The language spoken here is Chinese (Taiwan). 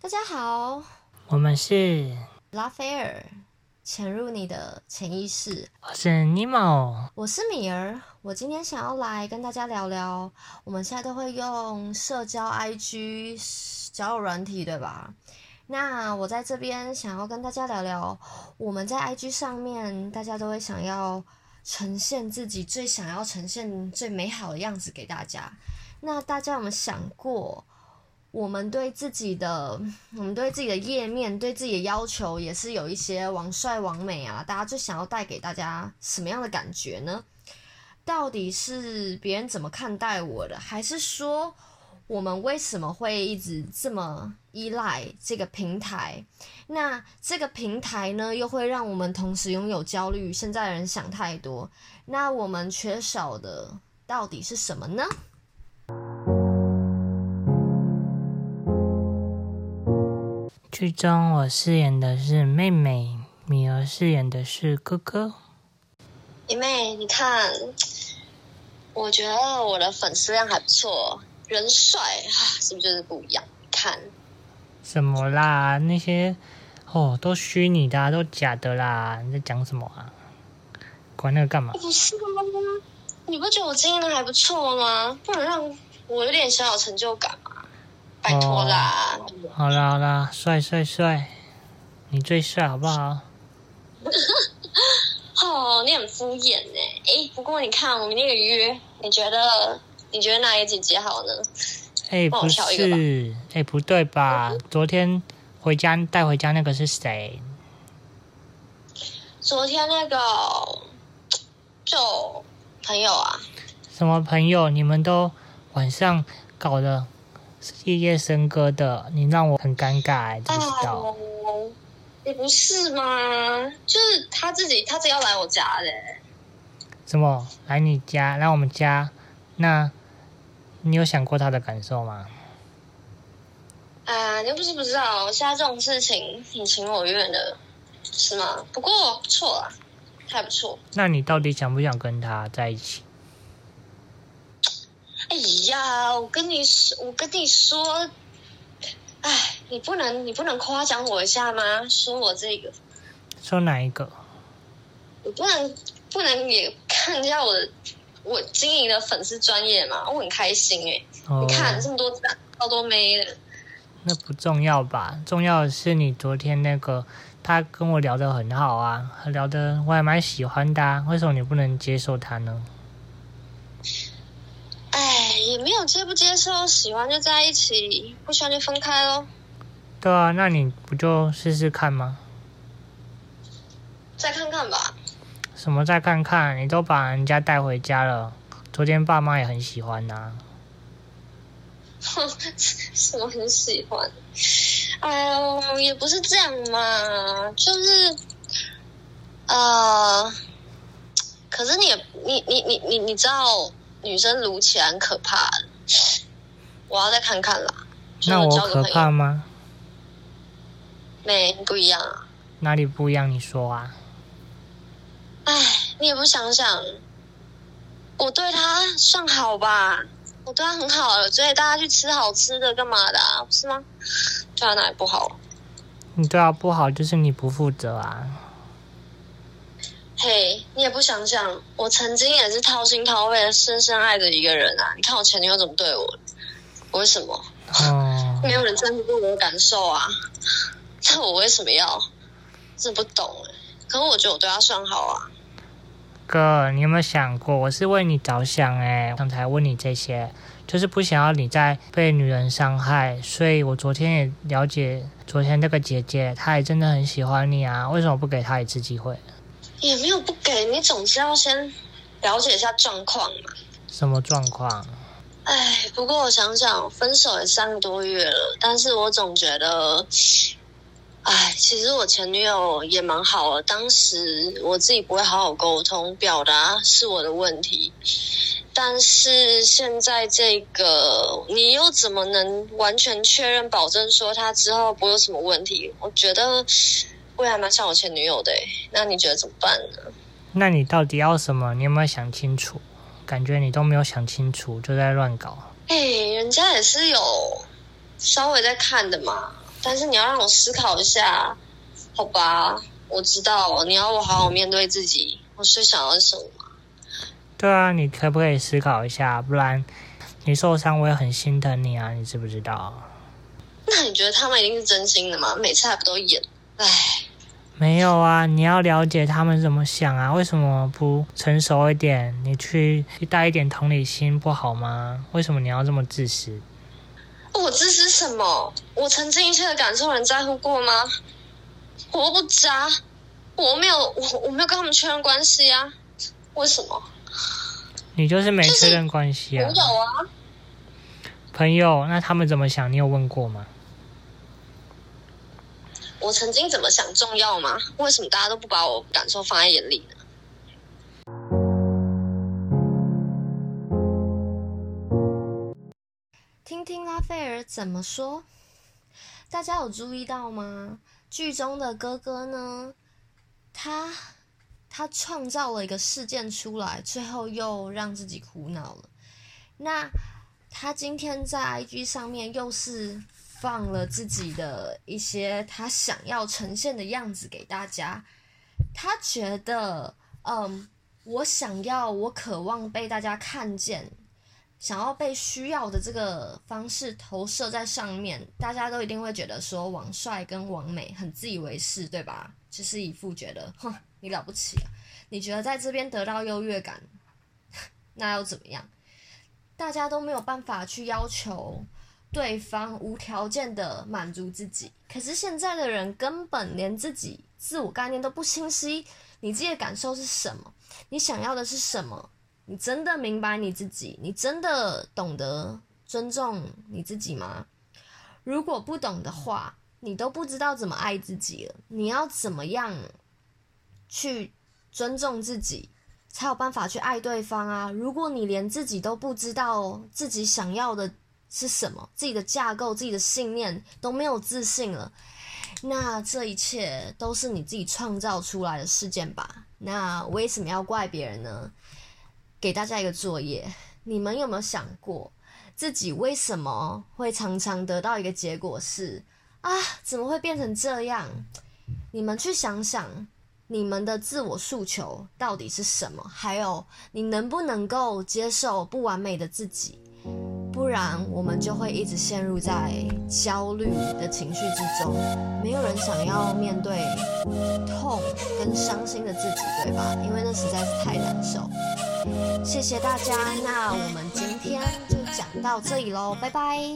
大家好，我們是拉斐爾潛入你的潛意識，我是尼瑪，我是米兒。我今天想要來跟大家聊聊，我們現在都會用社交 IG 交友軟體，對吧？那我在這邊想要跟大家聊聊，我們在 IG 上面，大家都會想要呈現自己最想要呈現最美好的樣子給大家。那大家有沒有想過我，我們對自己的我們對自己的頁面，對自己的要求也是有一些網帥網美啊？大家最想要帶給大家什麼樣的感覺呢？到底是別人怎麼看待我的，還是說？我們為什麼會一直這麼依賴這個平台？那這個平台呢，又會讓我們同時擁有焦慮？現在的人想太多，那我們缺少的到底是什麼呢？劇中我飾演的是妹妹，米兒飾演的是哥哥。妹妹，你看，我覺得我的粉絲量還不錯。人帥，是不是就是不一樣？你看什麼啦？那些哦，都虛擬的啊，都假的啦！你在講什麼啊？管那個幹嘛？不是嗎，啊？你不覺得我經營的還不錯嗎？不能讓我有點小小成就感嗎，啊？拜託啦！哦，啦！好啦好啦，帥帥帥，你最帥好不好？ 哦，你很敷衍呢。哎，不過你看我們那個約，你覺得？你覺得哪一姐姐好呢？哎、欸，不是，哎、欸，不對吧？嗯、昨天回家帶回家那個是誰？昨天那個就朋友啊？什麼朋友？你們都晚上搞得夜夜笙歌的，你讓我很尷尬，知不知道你、哎、不是嗎？就是他自己，他只要來我家的。什麼？來你家？來我們家？那？你有想過他的感受嗎？啊，你又不是不知道，我現在這種事情你情我願的，是嗎？不過錯啦，啊，還不錯。那你到底想不想跟他在一起？哎呀，我跟你說，我跟你說，哎，你不能，你不能誇獎我一下嗎？說我這個，說哪一個？我不能，不能也看一下我的。我經營的粉絲專業嘛，我很開心誒。Oh, 你看這麼多讚，好多妹的。那不重要吧？重要的是你昨天那個，他跟我聊的很好啊，聊的我還蠻喜歡的啊。為什麼你不能接受他呢？哎，也沒有接不接受，喜歡就在一起，不喜歡就分開咯。對啊，那你不就試試看嗎？再看看吧。什麼？再看看，你都把人家帶回家了。昨天爸媽也很喜歡吶、啊。 什麼很喜歡？哎呦，也不是這樣嘛，就是呃，可是你你你你你你知道，女生擼起來很可怕。我要再看看啦。那我可怕嗎？沒，不一樣啊。哪裡不一樣？你說啊。哎，你也不想想，我對他算好吧？我對他很好，所以大家去吃好吃的，幹嘛的、啊？不是嗎？對他哪裡不好？你對他不好，就是你不負責啊！嘿、hey，你也不想想，我曾經也是掏心掏肺、深深愛著一個人啊！你看我前女友怎麼對我？我為什麼？哦、 沒有人在乎過我的感受啊？那我為什麼要？真的不懂哎、欸！可是我覺得我對他算好啊。哥，你有沒有想過，我是為你着想哎？剛才問你這些，就是不想要你再被女人傷害。所以我昨天也了解，昨天那個姐姐，她也真的很喜歡你啊。為什麼不給她一次機會？也沒有不給，你總是要先了解一下狀況嘛。什麼狀況？哎，不過我想想，分手也三個多月了，但是我總覺得。哎，其實我前女友也蠻好的，當時我自己不會好好溝通表達是我的問題。但是現在這個，你又怎麼能完全確認、保證說他之後不會有什麼問題？我覺得，會還蠻像我前女友的，欸。那你覺得怎麼辦呢？那你到底要什麼？你有沒有想清楚？感覺你都沒有想清楚，就在亂搞。哎，欸，人家也是有稍微在看的嘛。但是你要讓我思考一下，好吧？我知道你要我好好面對自己，嗯、我是想要什麼？對啊，你可不可以思考一下？不然你受傷，我也很心疼你啊，你知不知道？那你覺得他們一定是真心的嗎？每次還不都演，唉，沒有啊！你要了解他們怎麼想啊？為什麼不成熟一點？你去帶一點同理心不好嗎？為什麼你要這麼自私？我自私什麼？我曾經一切的感受，人在乎過嗎？我又不渣，我沒有，我我沒有跟他們確認關係呀、啊。為什麼？你就是沒確認關係啊、就是。我有啊，朋友，那他們怎麼想？你有問過嗎？我曾經怎麼想重要嗎？為什麼大家都不把我感受放在眼裡呢？聽拉斐爾怎麼說？大家有注意到嗎？劇中的哥哥呢？他，他創造了一個事件出來，最後又讓自己苦惱了。那他今天在 IG 上面又是放了自己的一些他想要呈現的樣子給大家。他覺得，嗯，我想要，我渴望被大家看見。想要被需要的這個方式投射在上面，大家都一定會覺得說王帥跟王美很自以為是，對吧？其、就是一副覺得，哼，你了不起啊！你覺得在這邊得到優越感，那又怎麼樣？大家都沒有辦法去要求對方無條件的滿足自己。可是現在的人根本連自己自我概念都不清晰，你自己的感受是什麼？你想要的是什麼？你真的明白你自己？你真的懂得尊重你自己嗎？如果不懂的話，你都不知道怎麼愛自己了。你要怎麼樣去尊重自己，才有辦法去愛對方啊？如果你連自己都不知道自己想要的是什麼，自己的架構、自己的信念都沒有自信了，那這一切都是你自己創造出來的事件吧？那為什麼要怪別人呢？給大家一個作業，你們有沒有想過自己為什麼會常常得到一個結果是啊？怎麼會變成這樣？你們去想想，你們的自我訴求到底是什麼？還有你能不能夠接受不完美的自己？不然我們就會一直陷入在焦慮的情緒之中。沒有人想要面對痛跟傷心的自己，對吧？因為那實在是太難受。謝謝大家，那我們今天就講到這裡嘍，拜拜。